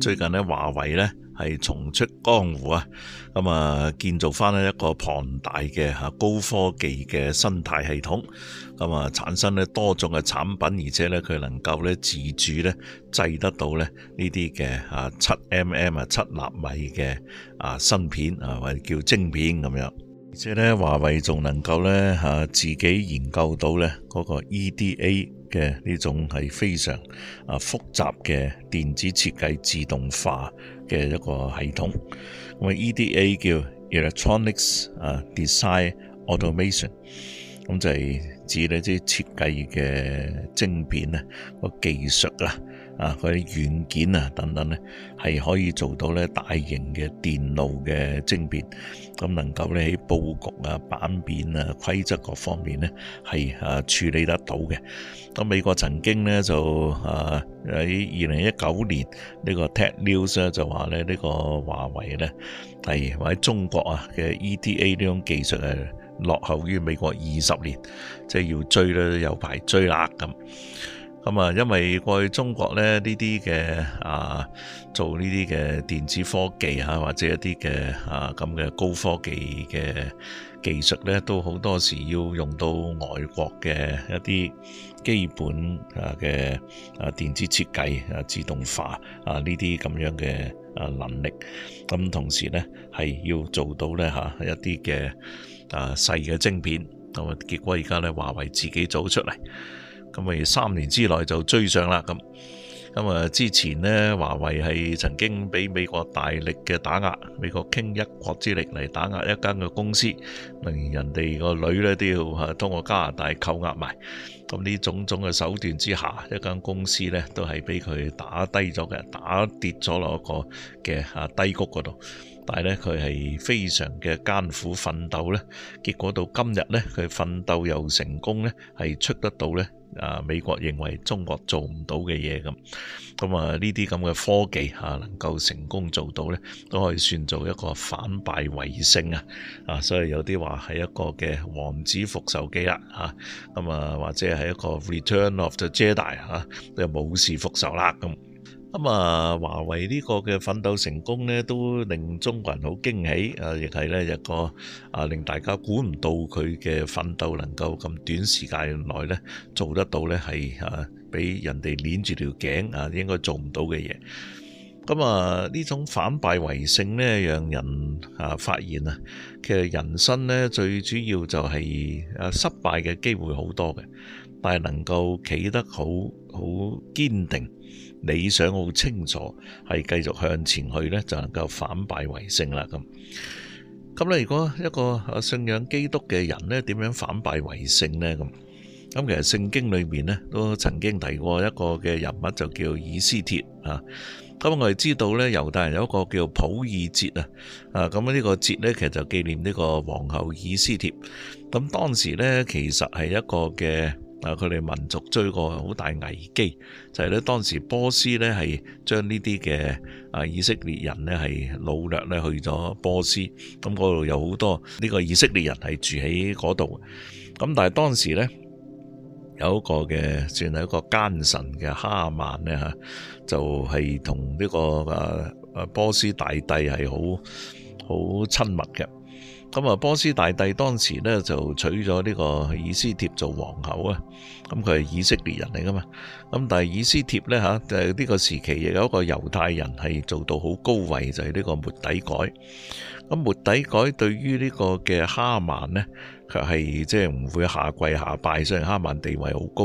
最近咧，華為咧係重出江湖啊！咁啊，建造翻一個龐大嘅高科技嘅生態系統，咁啊產生咧多種嘅產品，而且咧佢能夠咧自主咧製得到咧呢啲嘅嚇七 m m 啊七納米嘅啊芯片啊或者叫晶片咁樣。而且咧，華為仲能夠咧吓自己研究到咧嗰、嗰個 EDA 嘅呢種係非常啊複雜嘅電子設計自動化嘅一個系統。咁、那個、EDA 叫 electronics 啊 design automation，咁就係指呢啲設計嘅晶片啊、嗰個技術啦。啊，佢啲軟件啊等等呢，係可以做到呢大型嘅電路嘅晶片，咁、啊、能夠呢喺佈局啊、版面啊、規則各方面呢，係啊處理得到嘅。咁、啊、美國曾經呢，就啊喺二零一九年呢、呢個 Tech News 咧就話咧呢、呢個華為咧係喺中國啊嘅 EDA 呢種技術係落後於美國二十年，即、就、係、是、要追咧有排追啦咁。咁啊，因為過去中國咧呢啲嘅啊，做呢啲嘅電子科技嚇、啊，或者一啲嘅啊咁嘅高科技嘅技術咧，都好多時要用到外國嘅一啲基本啊嘅啊電子設計啊自動化啊呢啲咁樣嘅啊能力。咁、啊、同時咧，係要做到咧嚇一啲嘅啊細嘅晶片。咁啊，結果而家咧，華為自己做出嚟。咁咪三年之內就追上啦。咁咁啊，之前呢，華為係曾經俾美國大力嘅打壓，美國傾一國之力嚟打壓一間嘅公司，令人哋個女呢，都要通過加拿大扣押埋。咁呢種種嘅手段之下，一間公司呢都係俾佢打低咗嘅，打跌咗落個嘅低谷嗰度。但係呢，佢係非常嘅艱苦奮鬥，呢結果到今日呢，佢奮鬥又成功，呢係出得到呢。啊！美國認為中國做唔到嘅嘢咁，咁啊呢啲咁嘅科技、啊、能夠成功做到咧，都可以算做一個反敗為勝啊！啊，所以有啲話係一個嘅王子復仇記啦咁啊，啊或者係一個 Return of the Jedi 嚇，都係武士復仇啦咁。啊。咁、嗯、啊，華為呢個嘅奮鬥成功呢，都令中國人好驚喜啊！亦係呢一個啊，令大家估唔到佢嘅奮鬥能夠咁短時間內呢做得到呢，係啊，俾人哋捏住條頸啊，應該做唔到嘅嘢。咁、嗯、啊，呢種反敗為勝呢，讓人啊發現啊，其實人生呢，最主要就係啊失敗嘅機會好多嘅，但係能夠企得好。好堅定，理想好清楚，係繼續向前去呢，就能夠反敗為勝啦。咁咁咧，如果一個信仰基督嘅人怎樣反爲聖呢，點樣反敗為勝呢？咁咁其實聖經裏面呢，都曾經提過一個嘅人物，就叫以斯帖啊。咁我哋知道呢，猶大人有一個叫普爾節啊。啊，咁呢個節呢，其實就紀念呢個皇后以斯帖。咁當時呢，其實係一個嘅。啊！佢哋民族追過好大危機，就係、是、咧當時波斯咧係將呢啲嘅，啊，以色列人咧係擄掠咧去咗波斯，咁嗰度有好多呢個以色列人係住喺嗰度，咁但係當時呢，有一個嘅算係一個奸臣嘅哈曼呢，吓，就係同呢個誒誒波斯大帝係好好親密嘅。咁啊，波斯大帝當時咧就娶咗呢個以斯帖做皇后啊。咁佢係以色列人嚟噶嘛？咁但係以斯帖咧嚇，就係呢個時期亦有一個猶太人係做到好高位，就係呢個末底改。咁末底改對於呢個嘅哈曼呢，佢係即係唔會下跪下拜，雖然所以哈曼地位好高。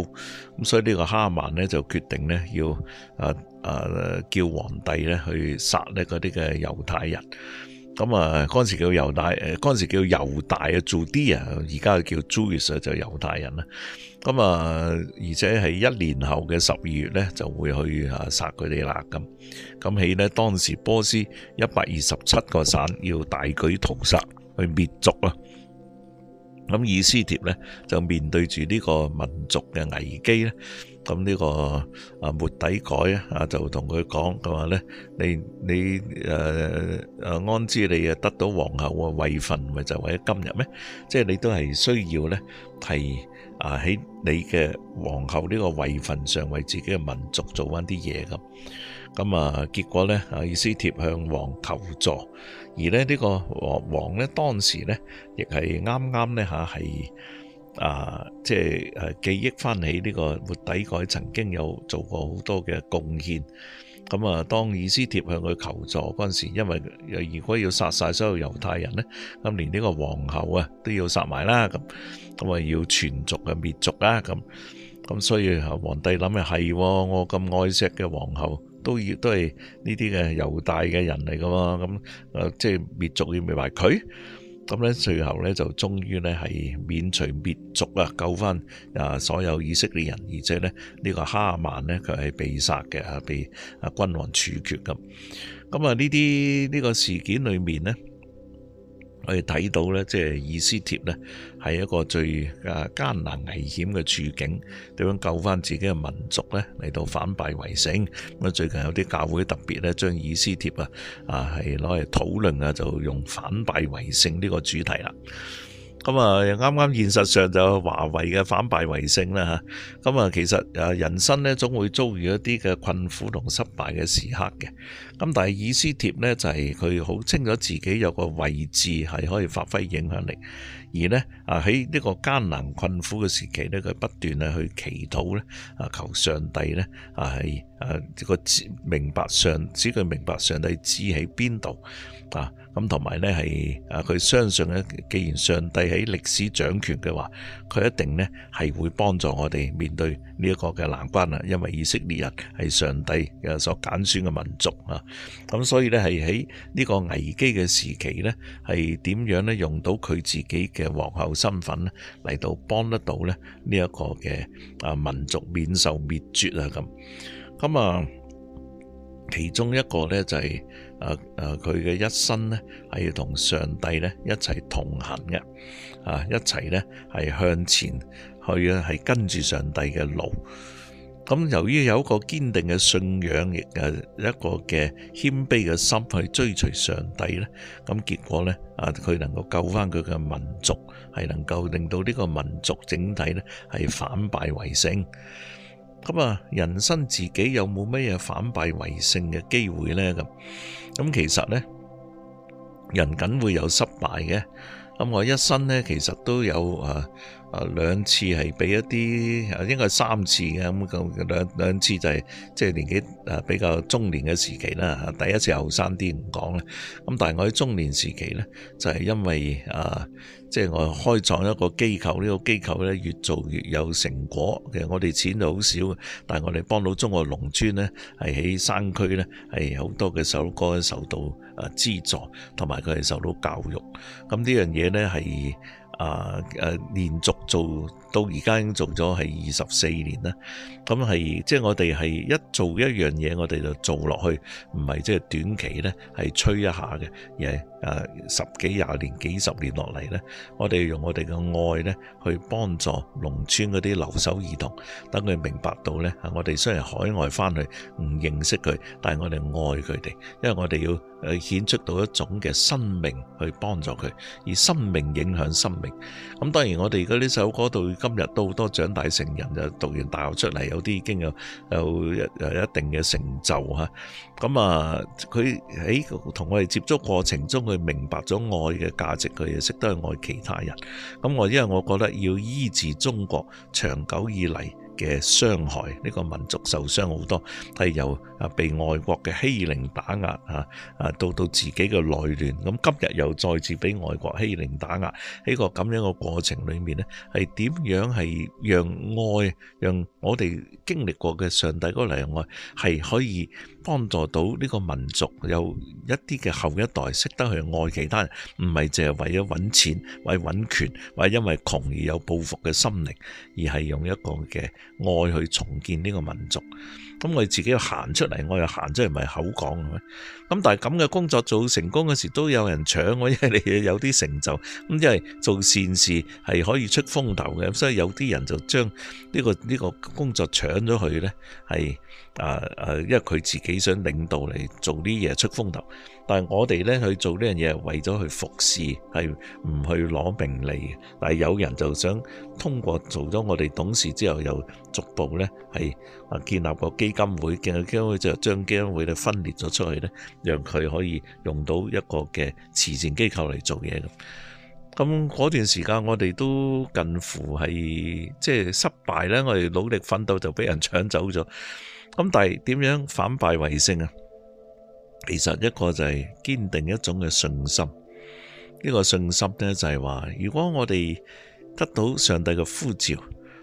咁所以呢個哈曼呢，就決定呢要啊啊叫皇帝咧去殺呢嗰啲嘅猶太人。咁啊，嗰陣時叫猶大，誒、呃，嗰時叫猶大啊，做啲啊，而家叫 Jewish 就猶太人啦。咁啊，而且喺一年後嘅十二月呢，就會去嚇殺佢哋啦。咁咁起呢，當時波斯一百二十七個省要大舉屠殺，去滅族啊。咁以斯帖呢，就面對住呢個民族嘅危機呢咁呢、這個啊末底改啊，就同佢講佢話咧，你你誒、啊、安知你啊得到皇后嘅位份，咪就為、是、今日咩？即、就、係、是、你都係需要咧，係啊喺你嘅皇后呢個位份上，為自己嘅民族做翻啲嘢咁。咁啊，結果咧啊，以斯帖向王求助，而咧呢、這個王王咧當時咧亦係啱啱咧嚇係。啊啊，即係誒，記憶翻起呢個末底改曾經有做過好多嘅貢獻。咁啊，當以斯帖向佢求助嗰陣時，因為如果要殺晒所有猶太人呢，咁連呢個皇后啊都要殺埋啦。咁咁啊，要全族嘅滅族啦。咁咁所以皇帝諗又係，我咁愛惜嘅皇后都要都係呢啲嘅猶大嘅人嚟噶嘛。咁即係滅族要滅埋佢。咁咧，最後咧就終於咧係免除滅族啊，救翻啊所有以色列人，而且咧呢個哈曼咧佢係被殺嘅啊，被啊君王處決咁。咁啊呢啲呢個事件裏面咧。我哋睇到呢，即係以斯帖呢係一個最啊艱難危險嘅處境，點樣救翻自己嘅民族呢，嚟到反敗為勝。咁啊，最近有啲教會特別呢將以斯帖啊啊係攞嚟討論啊，就用反敗為勝呢個主題啦。咁啊，啱啱現實上就華為嘅反敗為勝啦吓。咁啊，其實啊，人生呢，總會遭遇一啲嘅困苦同失敗嘅時刻嘅。咁但係以斯帖呢，就係佢好清楚自己有個位置係可以發揮影響力，而呢，啊喺呢個艱難困苦嘅時期呢，佢不斷去祈禱呢啊求上帝呢，啊係啊個明白上使佢明白上帝知喺邊度。啊，咁同埋呢係，啊佢相信咧，既然上帝喺歷史掌權嘅話，佢一定咧係會幫助我哋面對呢一個嘅難關啊！因為以色列人係上帝嘅所揀選嘅民族啊，咁所以呢係喺呢個危機嘅時期呢係點樣咧用到佢自己嘅皇后，身份咧嚟到幫得到咧呢一個嘅民族免受滅絕啊咁，咁啊其中一個呢就係、是。誒佢嘅一生呢，係要同上帝呢一齊同行嘅，啊一齊呢係向前去呢係跟住上帝嘅路。咁由於有一個堅定嘅信仰，亦誒一個嘅謙卑嘅心去追隨上帝呢，咁結果呢，啊佢能夠救翻佢嘅民族，係能夠令到呢個民族整體呢，係反敗為勝。咁啊，人生自己有冇咩反敗為勝嘅機會呢？咁咁其實呢，人梗會有失敗嘅。咁我一生呢，其實都有誒。呃啊，兩次係俾一啲，應該係三次嘅咁。咁兩次就係、是、即、就是、年紀比較中年嘅時期啦。第一次後生啲唔講啦，咁但係我喺中年時期呢，就係、是、因為啊，即、就、係、是、我開創一個機構，呢、這個機構呢，越做越有成果，其實我哋錢就好少，但係我哋幫到中國農村呢，係喺山區呢，係好多嘅細路哥受到啊資助，同埋佢係受到教育。咁呢樣嘢呢，係。啊誒、啊，連續做。到而家已經做咗係二十四年啦，咁係即係我哋係一做一樣嘢，我哋就做落去，唔係即係短期呢，係吹一下嘅，而係誒十幾廿年、幾十年落嚟呢，我哋要用我哋嘅愛呢去幫助農村嗰啲留守兒童，等佢明白到呢，我哋雖然海外返去唔認識佢，但係我哋愛佢哋，因為我哋要誒顯出到一種嘅生命去幫助佢，而生命影響生命。咁當然我哋而家呢首歌度。今日都好多長大成人就讀完大學出嚟，有啲已經有有，有一定嘅成就嚇。咁啊，佢喺同我哋接觸過程中，佢明白咗愛嘅價值，佢又識得去愛其他人。咁我因為我覺得要醫治中國，長久以嚟。嘅傷害，呢個民族受傷好多，係由啊被外國嘅欺凌打壓啊啊，到到自己嘅內亂，咁今日又再次俾外國欺凌打壓，喺個咁樣嘅過程裏面咧，係點樣係讓愛，讓我哋經歷過嘅上帝嗰個愛，係可以幫助到呢個民族，有一啲嘅後一代識得去愛其他人，唔係淨係為咗揾錢、為揾權、或者因為窮而有報復嘅心靈，而係用一個嘅愛去重建呢個民族，咁我哋自己又行出嚟，我又行出嚟，唔係口講，咁但係咁嘅工作做成功嘅時，都有人搶，因為你有啲成就，咁因為做善事係可以出風頭嘅，所以有啲人就將呢個呢個工作搶咗去呢，係。啊誒，因為佢自己想領導嚟，做啲嘢，出風頭，但係我哋咧去做呢樣嘢，係為咗去服侍，係唔去攞名利嘅。但係有人就想通過做咗我哋董事之後，又逐步咧係啊建立個基金會，建立基金會之後，將基金會咧分裂咗出去咧，讓佢可以用到一個嘅慈善機構嚟做嘢。咁咁嗰段時間，我哋都近乎係即係失敗咧，我哋努力奮鬥就俾人搶走咗。咁但係點樣反敗為勝？其實一個就係堅定一種嘅信心，呢、呢個信心呢，就係話，如果我哋得到上帝嘅呼召，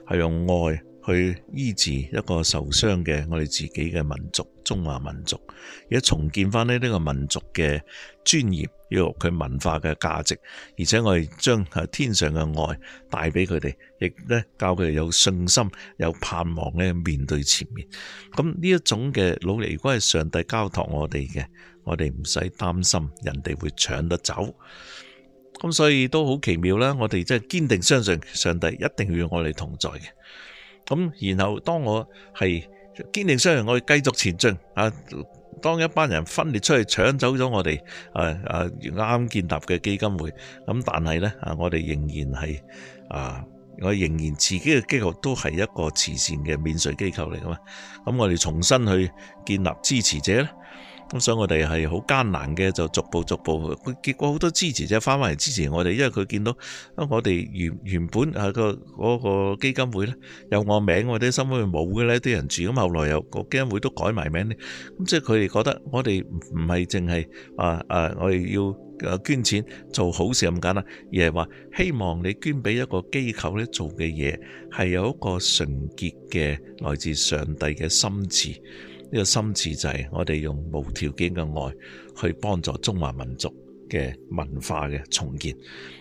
係用愛。去醫治一個受傷嘅我哋自己嘅民族，中華民族，而家重建翻呢呢個民族嘅尊嚴，要佢文化嘅價值，而且我哋將天上嘅愛帶俾佢哋，亦呢教佢哋有信心，有盼望咧面對前面。咁呢一種嘅努力，如果係上帝交託我哋嘅，我哋唔使擔心人哋會搶得走。咁所以都好奇妙啦！我哋真係堅定相信上帝一定與我哋同在嘅。咁然後當我係堅定相信我繼續前進啊，當一班人分裂出去搶走咗我哋啱啱建立嘅基金會，咁但係咧啊，我哋仍然係啊，我仍然自己嘅機構都係一個慈善嘅免稅機構嚟噶嘛，咁我哋重新去建立支持者咧。咁所以我哋係好艱難嘅，就逐步逐步，佢結果好多支持者翻翻嚟支持我哋，因為佢見到啊，我哋原原本啊個嗰個個基金會咧，有我名，我哋心裏冇嘅呢啲人住，咁後來又個基金會都改埋名呢，咁即係佢哋覺得我哋唔係淨係啊啊，我哋要啊捐錢做好事咁簡單，而係話希望你捐俾一個機構咧做嘅嘢，係有一個純潔嘅來自上帝嘅心志。呢個心志就係我哋用無條件嘅愛去幫助中華民族嘅文化嘅重建。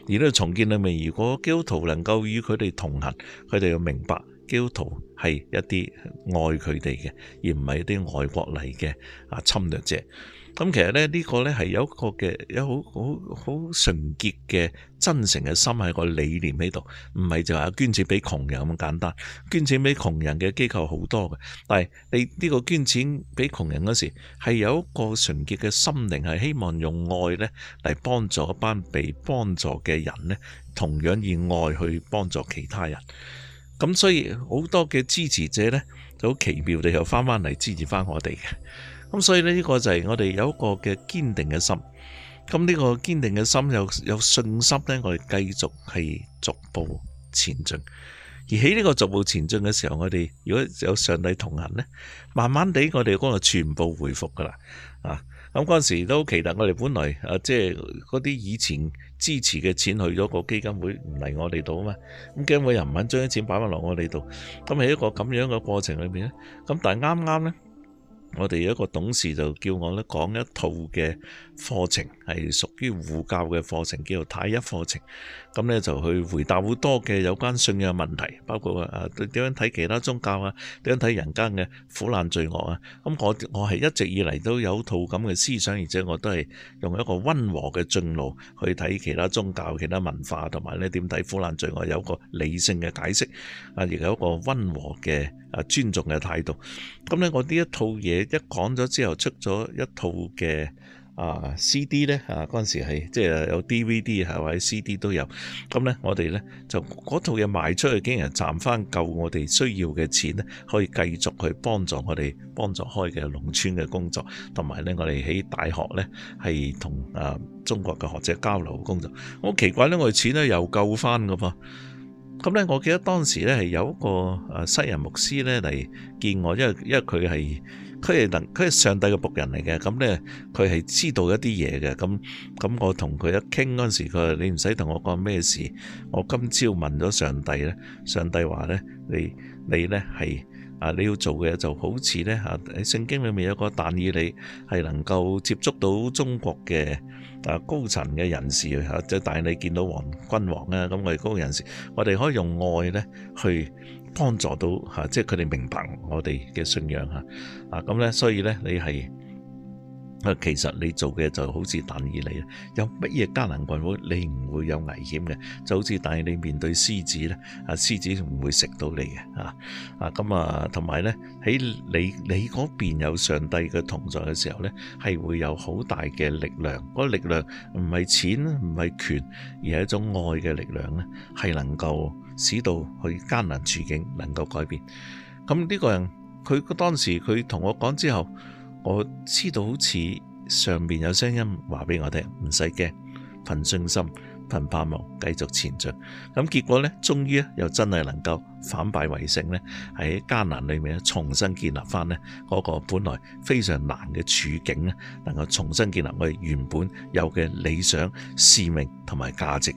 而呢個重建裏面，如果基督徒能夠與佢哋同行，佢哋要明白基督徒係一啲愛佢哋嘅，而唔係一啲外國嚟嘅啊侵略者。咁其實咧，呢個呢，係、這個、有一個嘅，有好好好純潔嘅、真誠嘅心喺個理念喺度，唔係就話捐錢俾窮人咁簡單。捐錢俾窮人嘅機構好多嘅，但係你呢個捐錢俾窮人嗰時，係有一個純潔嘅心靈，係希望用愛呢嚟幫助一班被幫助嘅人呢，同樣以愛去幫助其他人。咁所以好多嘅支持者呢，就好奇妙地又翻翻嚟支持翻我哋嘅。咁所以呢，呢個就係我哋有一個嘅堅定嘅心。咁呢個堅定嘅心有有信心呢，我哋繼續係逐步前進。而喺呢個逐步前進嘅時候，我哋如果有上帝同行呢，慢慢地我哋嗰個全部回復噶啦啊！咁嗰陣時都期待我哋本來啊，即係嗰啲以前支持嘅錢去咗個基金會，唔嚟我哋度啊嘛。咁基金會又唔肯將啲錢擺翻落我哋度。咁喺一個咁樣嘅過程裏面呢，咁但係啱啱呢。我哋有一個董事就叫我咧講一套嘅課程，係屬於護教嘅課程，叫做太一課程。咁咧就去回答好多嘅有關信仰問題，包括啊點樣睇其他宗教啊，點樣睇人間嘅苦難罪惡啊。咁我我係一直以嚟都有套咁嘅思想，而且我都係用一個溫和嘅進路去睇其他宗教、其他文化，同埋咧點睇苦難罪惡有個理性嘅解釋啊，亦有一個溫和嘅啊尊重嘅態度。咁咧我呢一套嘢。一講咗之後，出咗一套嘅啊 C D 呢。啊，嗰陣時係即係有 D V D 係或者 C D 都有咁呢，我哋呢，就嗰套嘢賣出去，竟然賺翻夠我哋需要嘅錢呢，可以繼續去幫助我哋幫助開嘅農村嘅工作，同埋呢，我哋喺大學呢，係同啊中國嘅學者交流嘅工作。好奇怪呢，我哋錢呢又夠翻㗎噃。咁呢，我記得當時呢，係有一個啊西人牧師呢嚟見我，因為因為佢係。佢係能，佢係上帝嘅僕人嚟嘅，咁呢，佢係知道一啲嘢嘅，咁咁我同佢一傾嗰陣時候，佢話：你唔使同我講咩事，我今朝問咗上帝咧，上帝話呢你你咧係啊，你要做嘅就好似呢，嚇喺聖經裏面有個但以理，你係能夠接觸到中國嘅啊高層嘅人士啊，即係帶你見到王君王啊，咁我哋高層人士，我哋可以用愛呢去。幫助到吓，即係佢哋明白我哋嘅信仰吓，啊咁呢，所以呢你係。其實你做嘅就好似但以理，有乜嘢艱難困苦，你唔會有危險嘅，就好似但以理面對獅子咧，啊，獅子唔會食到你嘅，啊，啊咁啊，同埋呢，喺你你嗰邊有上帝嘅同在嘅時候呢係會有好大嘅力量，嗰、嗰個力量唔係錢，唔係權，而係一種愛嘅力量呢係能夠使到佢艱難處境能夠改變。咁呢個人佢當時佢同我講之後。我知道好似上面有聲音話俾我聽，唔使驚，憑信心，憑盼望，繼續前進。咁結果呢，終於又真係能夠反敗為勝呢，喺艱難裏面重新建立翻呢嗰個本來非常難嘅處境呢，能夠重新建立我哋原本有嘅理想、使命同埋價值。